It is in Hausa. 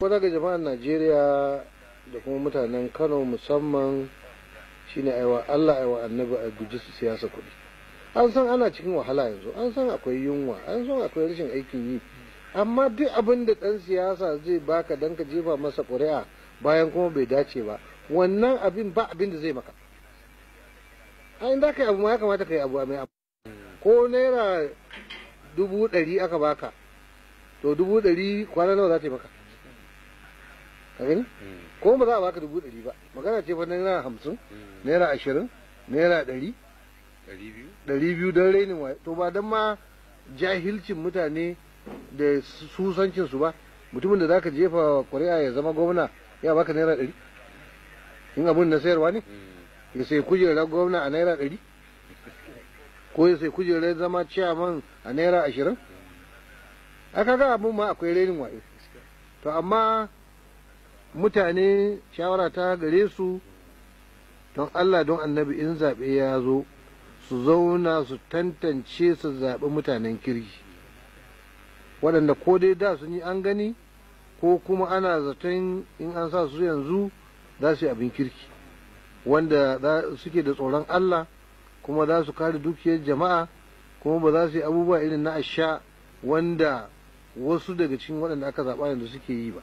Kuma daga jama'ar Najeriya da kuma mutanen Kano musamman shine aiwa Allah aiwa annabi a guji su siyasa kuɗi. An san ana cikin wahala yanzu, an san akwai yunwa, an san akwai rashin aikin yi. Amma duk abin da ɗan siyasa zai baka don ka jefa masa ƙuri'a bayan kuma bai dace ba, wannan abin ba abin da zai maka. A inda ka yi abu ma ya kamata ka yi abu a mai abu. Ko naira dubu ɗari aka baka, to dubu ɗari kwana nawa za ta yi maka. ka mm. ko ba za a baka dubu ɗari ba magana ce fa naira hamsin mm. naira ashirin naira ɗari ɗari biyu don rainin waye to ba don ma jahilcin mutane da susancin su ba mutumin da za ka jefa ƙuri'a ya zama gwamna ya baka naira ɗari in abin na sayarwa ne mm. ya sai kujerar gwamna a naira ɗari ko ya sai kujerar zama ciyaman a naira ashirin a kaga abin ma akwai rainin waye to amma mutane shawara ta gare su don Allah don annabi in zaɓe ya zo su zauna su tantance su zaɓi mutanen kirki waɗanda ko dai da sun yi an gani ko kuma ana zaton in an sa su yanzu za su yi abin kirki wanda suke da tsoron Allah kuma za su kare dukiyar jama'a kuma ba za su yi abubuwa irin na asha wanda wasu daga cikin waɗanda aka zaɓa yanzu suke yi ba